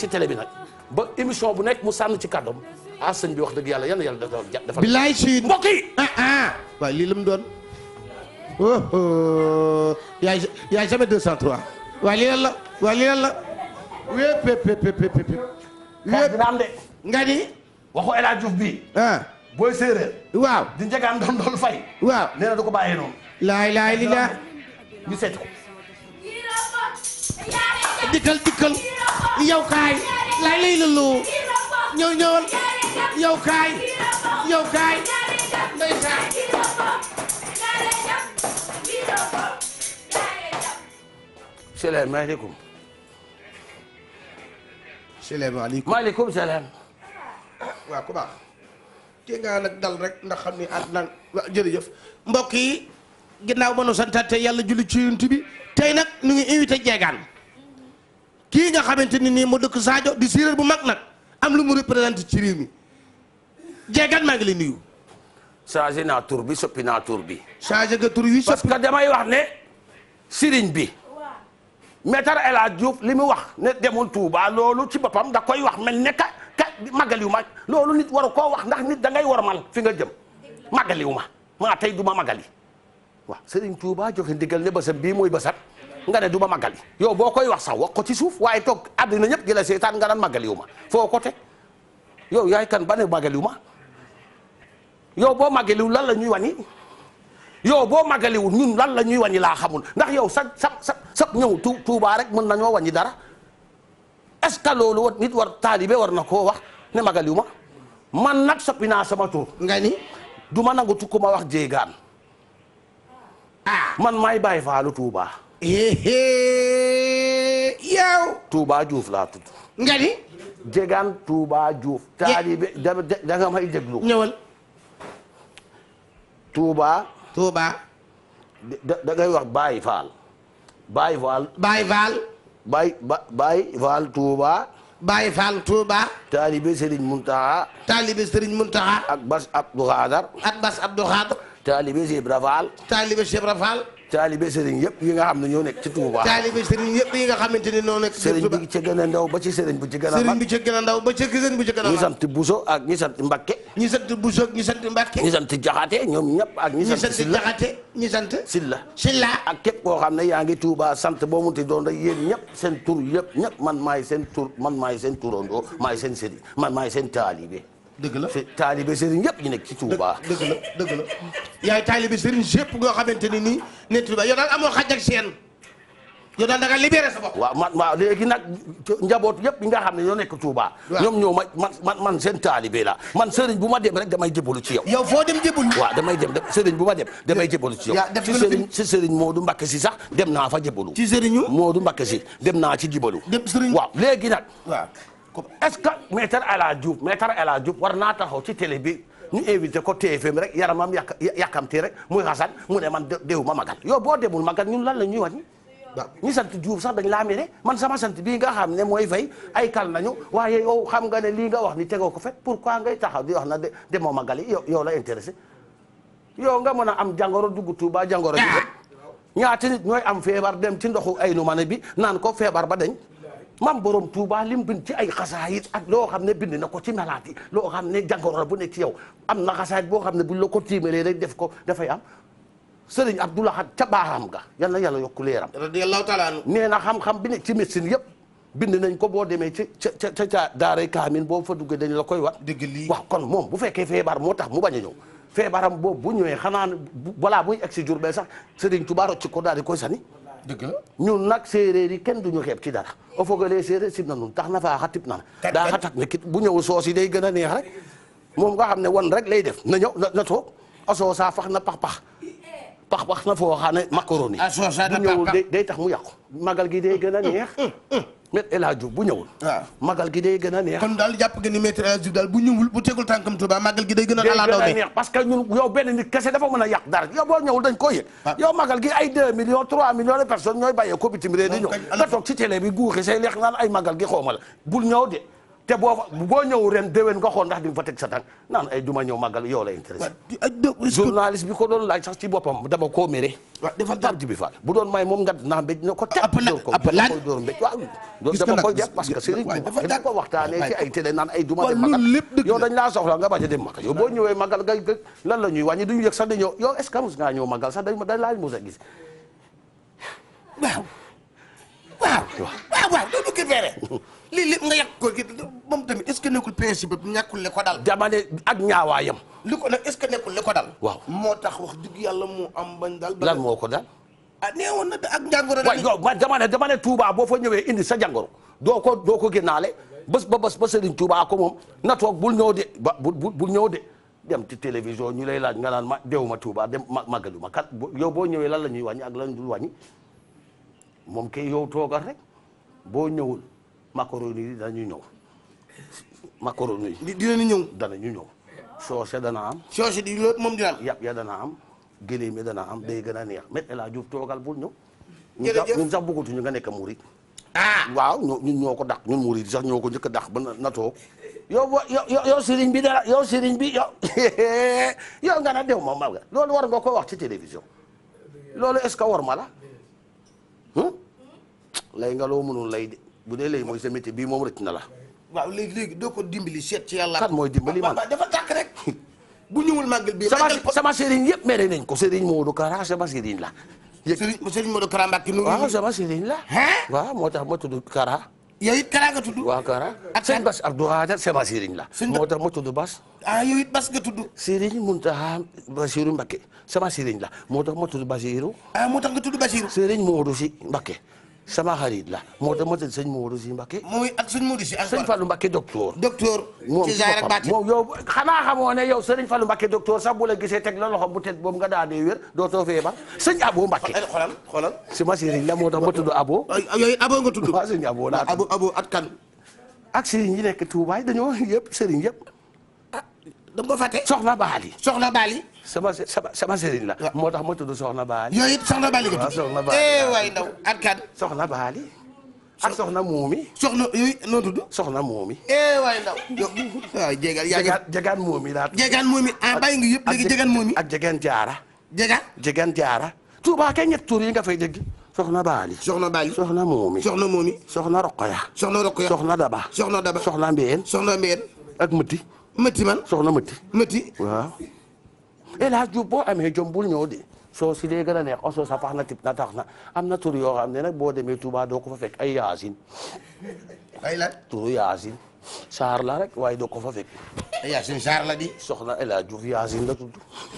ci télé bi nag ba émission bu nekk mu sànn ci kàddoom ah sëñ bi wax dëgg yàlla yàlla yàlla dafa. bilaay si mbokk yi. Ah, ah. waaye lii la mu doon. yaa oh, oh. yaa jamais 203. waaye lii lan la waaye lii lan la. wéé pep pep pep pep. de. nga ni. waxu El Hadj Diouf bii. Ah. booy séeréer. waaw di njëgaan doon doon fay. waaw nee na du ko bàyyee noonu. laay laay li la ñu seet ko. dikkal dikkal yow lay lay lëloo ñëw ñëwal yow kaay yow kaay ndeysaan salaamaaleykum salaamaaleykum maaleykum dal rek ndax xam ni ànd jërëjëf mbokk yi ginnaaw ba nu yàlla julli ci yunt bi tey nag ñu ngi invité jeegaan kii nga xamante ni nii mu dëkk Sadio di séeréer bu mag nag am lu mu représenté ci réew mi jeegat maa ngi lay nuyu. changé naa tur bi soppi naa tur bi. changé nga tur yi soppi. parce que damay wax ne sëriñ bi. Maître El Hadj Diouf li mu wax ne demul Touba loolu ci boppam da koy wax mel ne ka ka màggaliw ma loolu nit waru koo wax ndax nit da ngay war mal fi nga jëm màggaliw ma maa tey du ma màggali waaw Serigne Touba joxe ndigal ne basam bii mooy basam nga ne du ma màggali yow boo koy wax sax wax ko ci suuf waaye toog àddina ñëpp di la seetaan nga naan màggaliwu ma foo ko yow yaay kan ba ne màggaliwu ma yow boo màggaliwul lan la ñuy wàññi yow boo màggaliwul lan la ñuy wàññi laa xamul ndax yow sa sa sa ñëw tu tuubaa rek mën nañoo wàññi dara est-ce que loolu war na koo wax ne màggaliwu ma man nag soppi naa sama tur nga ni du ma nangu tu ko wax jéegaan ah man maay bàyyi faalu tuubaa yow. Touba Diouf laa tudd. nga ni. Jegaan Touba Diouf. taalibe da nga may déglu. ñëwal. Touba. Touba. da ngay wax Baye Fall. Baye Fall. Baye Fall. Baye Baye Fall Touba. ak Bas Abdou ak Bas Abdou Khadar. taalibe Cheikh taalibe sëriñ yëpp yi nga xam ne ñoo nekk ci Touba. taalibe sëriñ yëpp yi nga xamante ne ñoo nekk ci Touba. sëriñ bi a ndaw ba ci sëriñ bu ci gën a mag a ndaw ba ci ñi sant Mbakke ñi sant Mbakke ñi sant Jaxate ñoom ñëpp ak ñi sant Silla ñi sant Silla Silla ak képp koo xam ne yaa ngi Touba sant boo munti doon rek yéen ñëpp seen tur yëpp ñëpp man maay seen tur man maay seen turandoo maay seen sëriñ man maay seen taalibe dëgg la fi taalibe sëriñ yëpp ñu nekk ci Touba. dëgg la dëgg la yaay taalibe sëriñ yëpp nga xamante ni nii ne Touba yow daal amoo xaj ak seen yow daal da nga libéré sa bopp. waaw man waaw léegi nag njaboot yëpp yi nga xam ne ñoo nekk Touba. ñoom ñoo ma man man seen taalibe la man sëriñ bu ma dem rek damay jébalu ci yow. yow foo dem jébalu. waaw damay dem sëriñ bu ma dem damay jébalu ci yow. ci sëriñ si sëriñ Moodu Mbakke si sax dem naa fa jébalu. ci sëriñu Moodu Mbakke si dem naa ci jébalu. dem sëriñ waaw léegi nag. est-ce que maître El Hadj Diouf El Hadj Diouf war naa taxaw ci télé bi ñu invité ko TFM rek yaramam yàq yàkkamti rek muy xasan mu ne man déwuma magal yow boo demul magal ñun lan la ñuy wàññi waaw ñi sant Diouf sax dañ laa mere man sama sant bii nga xam ne mooy fay ay kal nañu waaye yow xam nga ne lii nga wax ni tegoo ko fet pourquoi ngay taxaw di wax na demoo magal yi yow la intéressé yow nga mën a am jangoro dugg Tuuba jangoro ji ah! ñaata nit ñooy am feebar dem ci ndoxu ay nu ma ne bi naan ko feebar ba dañ maam borom Touba lim bind ci ay xasaayit ak loo xam ne bind na ko ci malaat loo xam ne jàngoro la bu nekk ci yow am na xasaayit boo xam ne buñ la ko tiimalee rek def ko dafay am sëriñ Abdou xam ca baaraam ga yal na yàlla yokku leeram radiyallahu taala anhu nee na xam-xam bi nekk ci médecine yëpp bind nañ ko boo demee ci ca ca ca ca daaray kaamin boo fa duggee dañ la koy wax dëgg lii wax kon moom bu fekkee feebar moo tax mu bañ a ñëw feebaram boobu bu ñëwee xanaa bu balaa muy egg si jur bee sax sëriñ Touba rocc ko daal di koy sani dëgg la ñun nag séeréer yi kenn ñu xeeb ci dara. o fogalee séeréer sib na nun tax na fa faa xatib na na daa xatak ne kit bu ñëw soos yi day gën a neex rek moom nga xam ne wan rek lay def na ñëw na toog a soosa fax na pax pax pax pax na foo xaane macaroni bu ñëw day tax mu yàqu magal gi day gën a neex mm, mm, mm. Me El Hadj Diouf bu ñëwul. waaw magal gi day gën a neex. kon daal jàpp nga ni Me El Hadj Diouf daal bu ñëwul bu tegul tànkam Touba magal gi day gën a. a neex parce que yow benn nit kese dafa mën a yàq dara yow boo ñëwul dañ koy ah. yow magal gi ay 2 millions 3 millions de personnes ñooy bàyyee ko bitim réew di ñëw nga ci télé bi guuxi say leex naan ay magal gi xawma bul ñëw de te boo fa boo ñëw ren déwén nga xool ndax di fa teg sa tànk naan ay duma ñëw màggal yow la intéressé. journaliste bi ko doon laaj sax ci boppam dama koo mere. waaw dafa Pape Djibi Fall bu doon may moom nga naa mbéj na ko teg. door ko door mbéj waaw. dama koy def parce que Serigne Touba dañ ko waxtaanee ci ay télé naan ay duma dem màggal yow dañ laa soxla nga bañ a dem màggal boo ñëwee màggal nga lan la ñuy wàññi duñu yëg sax dañoo yow est ce que mos ngaa sax dañ a gis waaw ki verre lii lépp nga yàq góor gi moom tamit est ce que nekkul principe bi ñàkkul li ko dal dama ne ak ñaawaayam li ko nag est ce que nekkul li ko dal waaw moo tax wax dëgg yàlla moo am bañ dal lan moo ko dal ah neewoon na ak jàngoro waaw dama ne dama ne Touba boo fa ñëwee indi sa jàngoro doo ko doo ko génnaale bés ba bés ba Serigne Touba ko moom na toog bul ñëw de ba bul ñëw de dem ci télévision ñu lay laaj nga naan ma dewuma Touba dem màggalu ma kat yow boo ñëwee lan la ñuy wàññi ak lan dul wàññi moom kay yow toogal rek boo ñëwul macaroni yi dañu ñëw macaroni yi. dinañu ñëw danañu ñëw. soose dana am. soose moom dina am. ya dana am gëléem yi dana am day gën a neex Me El Hadji Diouf toogal bul ñëw. jërëjëf ñun sax bëggatuñu nga nekk murid. ah waaw ñu ñoo ko dàq ñun murid sax ñoo ko njëkk a dàq ba na toog. yow boo bi dara yow sëriñ bi yow nga na dew moom ma loolu war nga ko wax ci télévision loolu est-ce que war ma la. lay nga loo mënul lay de bu dee lay mooy sa bii moom rëcc na la. waaw léegi léegi doo dimbali seet yàlla. kan mooy dimbali man dafa tàkk rek. bu ñëwul màggal bi. sama sama sëriñ yëpp mere nañ ko sëriñ Modou Kara sama sëriñ la. sëriñ sëriñ Modou Kara Mbacke nu. la. waaw moo tax ma tudd Kara. yow it Kara nga tudd. waaw Kara ak sëñ Bas Abdou Khadre sama sëriñ la. moo tax ma tudd Bas. ah yow it Bas nga tudd. sëriñ Mountakha Bassirou Mbacke sama sëriñ la moo tax ma tudd Bassirou. ah moo tax nga tudd Bassirou. sëriñ Modou si Mbacke sama xarit la moo tax moo tax sëñ Modou si Mbacké. muy ak sëñ Modou si ak sëñ Fallou Mbacké docteur. docteur ci Zaire ak moom yow xanaa xamoo ne yow sëriñ Fallou Mbacké docteur sax bu la gisee teg la loxo bu tedd boobu nga daa dee wér dootoo feebar sëñ Abo Mbacké. xoolal xoolal. si ma sëriñ la moo tax ma tudd Abo. yooyu Abo nga tudd. waaw sëñ Abo laa Abo Abo at kan. ak sëriñ yi nekk Touba dañoo yëpp sëriñ yëpp. ah da nga ko fàtte. Soxna Baali. Soxna Baali. sama sama la. moo tax ma tudd Soxna Baali. yooyu it Soxna Baali nga tudd Soxna Baali eh waay ndaw at kan. Soxna Baali. Soxna Moomi. Soxna yooyu noo Soxna Moomi. eh waay ndaw. yow waaw jéegal yaa ngi. jéegaan jéegaan Moomi yëpp léegi jéegaan ak jéegaan Jaara. jéegaan jéegaan Jaara. Tuubaa kay ñett tur yi nga fay dégg. soxna baali soxna baali soxna moomi soxna moomi soxna roqoya soxna roqoya soxna daba soxna daba soxna mbeen soxna mbeen ak mëtti mëtti man soxna mëtti mëtti waaw El eh, Hadj Diouf boo amee jom bul ñëw de soo si dee gën a neex oso oh, sa fax na tip na tax na am na tur yoo xam ne nag boo demee Touba doo ko fa fekk ay Yaasin. ay la turu Yaasin saar la rek waaye doo ko fa fekk. ay Yaasin saar la di. soxna El Hadj Diouf Yaasin la tudd.